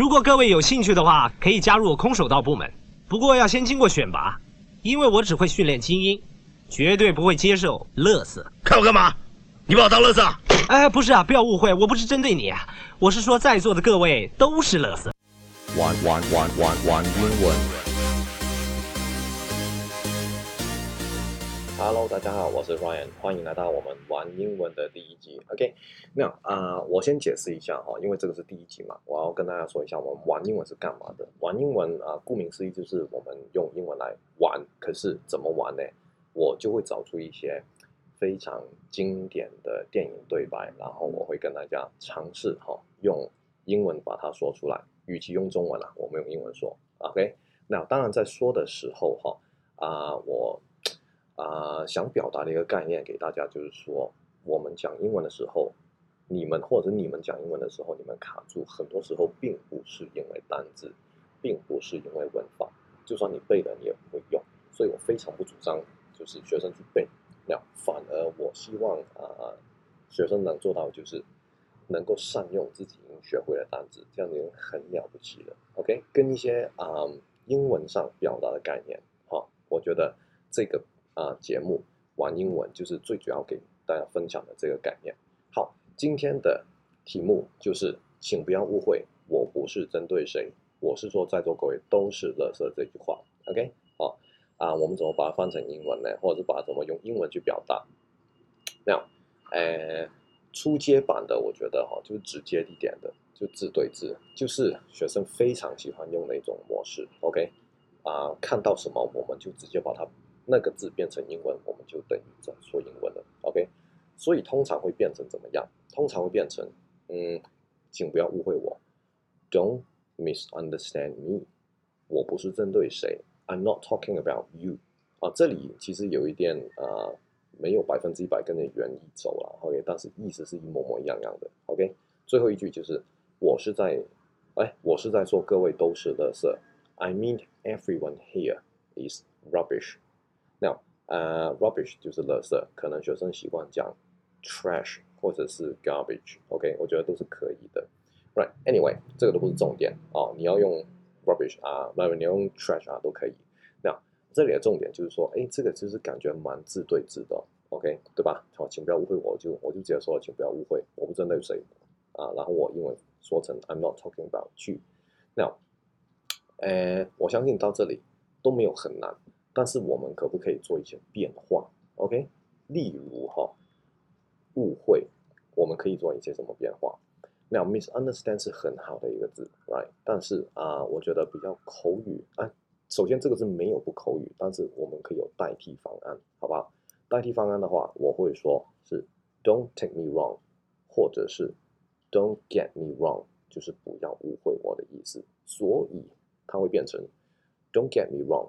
如果各位有興趣的話，可以加入空手道部門，不過要先經過選拔，因為我只會訓練精英，絕對不會接受垃圾。看我幹嘛？你把我當垃圾啊？哎，不是啊，不要誤會，我不是針對你啊。我是說在座的各位都是垃圾。玩玩玩玩玩英文。Hello，大家好，我是 Ryan，歡迎來到我們玩英文的第一集。OK，那啊，我先解釋一下哈，因為這個是第一集嘛，我要跟大家說一下我們玩英文是幹嘛的。玩英文啊，顧名思義就是我們用英文來玩，可是怎麼玩呢？我就會找出一些非常經典的電影對白，然後我會跟大家嘗試哈用英文把它說出來，與其用中文了，啊，我們用英文說。OK，那當然在說的時候哈啊、呃、我。啊、呃，想表達的一個概念給大家，就是說，我們講英文的時候，你們或者你們講英文的時候，你們卡住，很多時候並不是因為單字，並不是因為文法，就算你背了，你也不會用。所以我非常不主張就是學生去背，那反而我希望啊、呃，學生能做到就是能夠善用自己已經學會的單詞，這樣子很了不起的。OK，跟一些啊、呃、英文上表達的概念啊、哦，我覺得這個。啊、呃，節目玩英文就是最主要給大家分享的這個概念。好，今天的題目就是，請不要誤會，我不是針對誰，我是說在座各位都是垃圾這句話。OK，好啊、呃，我們怎麼把它翻成英文呢？或者是把它怎麼用英文去表達？Now，呃，初階版的我覺得哈、哦，就是直接一點的，就字對字，就是學生非常喜歡用的一種模式。OK，啊、呃，看到什麼我們就直接把它。那個字變成英文，我們就等於在說英文了。OK，所以通常會變成怎麼樣？通常會變成嗯，請不要誤會我，Don't misunderstand me。我不是針對誰，I'm not talking about you。啊，這裡其實有一點啊、呃，沒有百分之一百跟着原意走了、啊。OK，但是意思是一模模一樣樣的。OK，最後一句就是我是在哎，我是在說各位都是垃圾，I mean everyone here is rubbish。now，呃、uh,，rubbish 就是垃圾，可能學生習慣講 trash 或者是 garbage，OK，、okay? 我覺得都是可以的，right？anyway，這個都不是重點哦，你要用 rubbish 啊，外面你要用 trash 啊、uh,，都可以。now，這裡的重點就是說，哎，這個其實感覺蠻字對字的，OK，對吧？好，請不要誤會，我就我就直接說了，請不要誤會，我不針對誰，啊，然後我英文說成 I'm not talking about，you。now，、uh, 我相信到這裡都沒有很難。但是我們可不可以做一些變化？OK，例如哈，誤會，我們可以做一些什麼變化？Now, misunderstand 是很好的一個字，right？但是啊，uh, 我覺得比較口語。啊，首先這個字沒有不口語，但是我們可以有代替方案，好吧？代替方案的話，我會說是 Don't take me wrong，或者是 Don't get me wrong，就是不要誤會我的意思。所以它會變成 Don't get me wrong。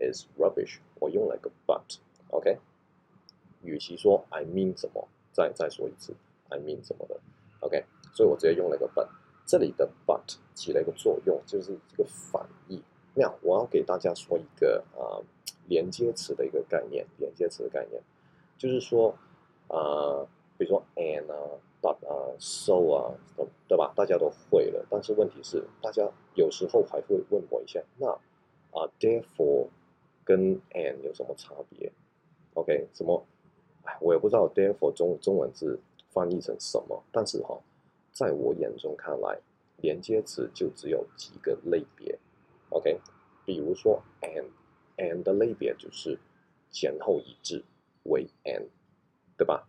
is rubbish，我用了個 but，OK？與其說 I mean 什麼，再再說一次，I mean 什麼的，OK？所以我直接用了一個 but，這裡的 but 起了一個作用，就是一個反義。那我要給大家說一個啊連接詞的一個概念，連接詞的概念，就是說啊，比如說 and 啊，but 啊，so 啊，對吧？大家都會了，但是問題是，大家有時候還會問我一下，那啊，therefore。跟 and 有什麼差別？OK，什麼？我也不知道 therefore 中中文字翻譯成什麼。但是哈，在我眼中看來，連接詞就只有幾個類別。OK，比如說 and，and and 的類別就是前後一致，為 and，對吧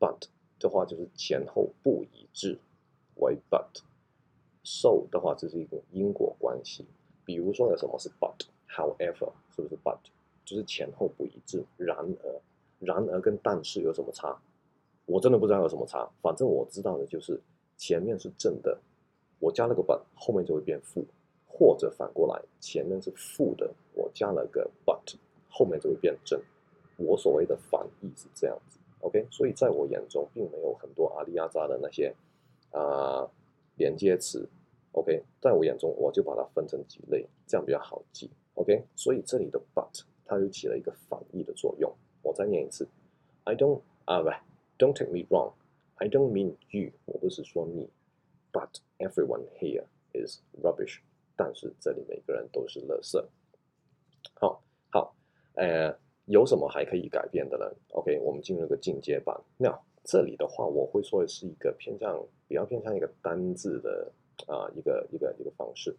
？But 的話，就是前後不一致，為 but。So 的話，這是一個因果關係。比如說有什麼是 but？However，是不是 but，就是前後不一致？然而，然而跟但是有什麼差？我真的不知道有什麼差。反正我知道的就是，前面是正的，我加了個 but，後面就會變負；或者反過來，前面是負的，我加了個 but，後面就會變正。我所謂的反義是這樣子，OK。所以在我眼中，並沒有很多阿里亞扎的那些啊、呃、連接詞，OK。在我眼中，我就把它分成幾類，這樣比較好記。OK，所以這裡的 but 它就起了一個反義的作用。我再念一次，I don't 啊、uh，不，don't take me wrong，I don't mean you，我不是說你，but everyone here is rubbish。但是這裡每個人都是垃圾。好，好，呃，有什麼還可以改變的呢？OK，我們進入一個進階版。Now，這裡的話，我會說的是一個偏向，比較偏向一個單字的啊、呃，一個一個一個方式。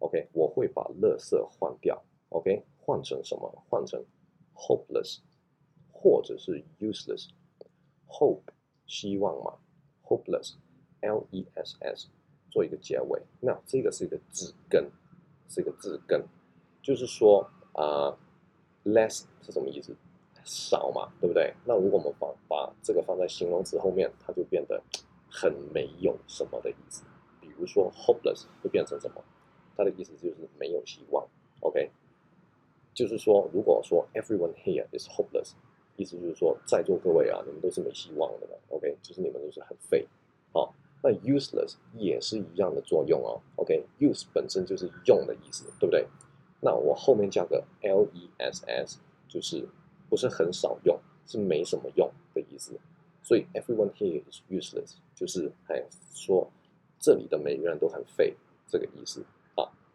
OK，我會把「樂色」換掉。OK，換成什麼？換成 “hopeless” 或者是 “useless”。hope 希望嘛，“hopeless”，L-E-S-S 做一個結尾。那這個是一個字根，是一個字根。就是說啊，uh，“less” 是什麼意思？少嘛，對不對？那如果我們把把這個放在形容詞後面，它就變得很沒用什麼的意思。比如說，“hopeless” 會變成什麼？他的意思就是沒有希望，OK，就是說，如果說 everyone here is hopeless，意思就是說，在座各位啊，你們都是沒希望的嘛，OK，就是你們都是很廢，好，那 useless 也是一樣的作用哦，OK，use、okay? 本身就是用的意思，對不對？那我後面加個 less，就是不是很少用，是沒什麼用的意思，所以 everyone here is useless，就是哎說這裡的每個人都很廢這個意思。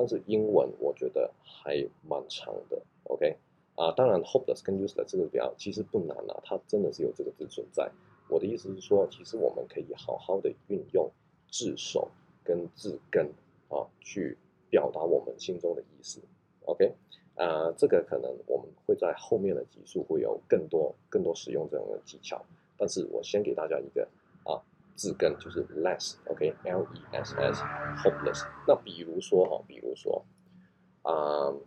但是英文我覺得還蠻長的，OK，啊、呃，當然，hopeless 跟 useless 這個表其實不難啊，它真的是有這個字存在。我的意思是說，其實我們可以好好的運用字首跟字根啊、呃，去表達我們心中的意思，OK，啊、呃，這個可能我們會在後面的集數會有更多更多使用這樣的技巧，但是我先給大家一個啊。呃字根就是 less，OK，L-E-S-S，hopeless。那比如說哦，比如說啊啊、呃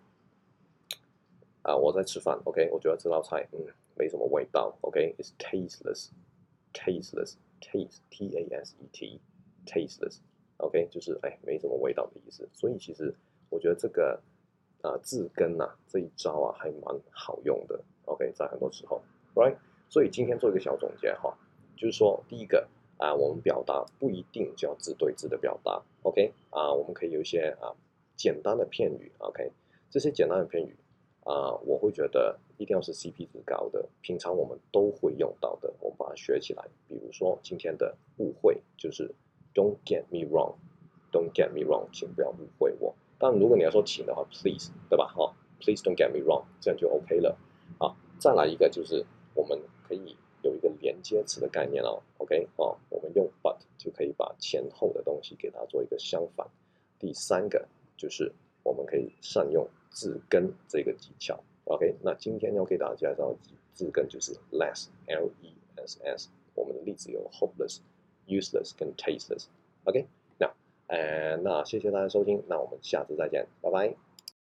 呃，我在吃飯，OK，我覺得這道菜嗯沒什麼味道，OK，it's tasteless，tasteless，taste，T-A-S-E-T，tasteless，OK，就是哎沒什麼味道的意思。所以其實我覺得這個、呃、啊字根吶這一招啊還蠻好用的，OK，在很多時候，right？所以今天做一個小總結哈，就是說第一個。啊，uh, 我們表達不一定就要字對字的表達，OK？啊、uh,，我們可以有一些啊、uh, 簡單的片語，OK？這些簡單的片語啊，uh, 我會覺得一定要是 CP 值高的，平常我們都會用到的，我們把它學起來。比如說今天的誤會就是 Don't get me wrong，Don't get me wrong，請不要誤會我。但如果你要說請的話，Please，對吧？好、oh,，Please don't get me wrong，這樣就 OK 了。啊，再來一個就是我們可以。有一個連接詞的概念哦，OK，哦，我們用 but 就可以把前後的東西給它做一個相反。第三個就是我們可以善用字根這個技巧，OK，那今天要給大家介紹字根就是 less，L-E-S-S，、e、我們的例子有 hopeless、useless 跟 tasteless，OK，、okay? 那呃那謝謝大家收聽，那我們下次再見，拜拜。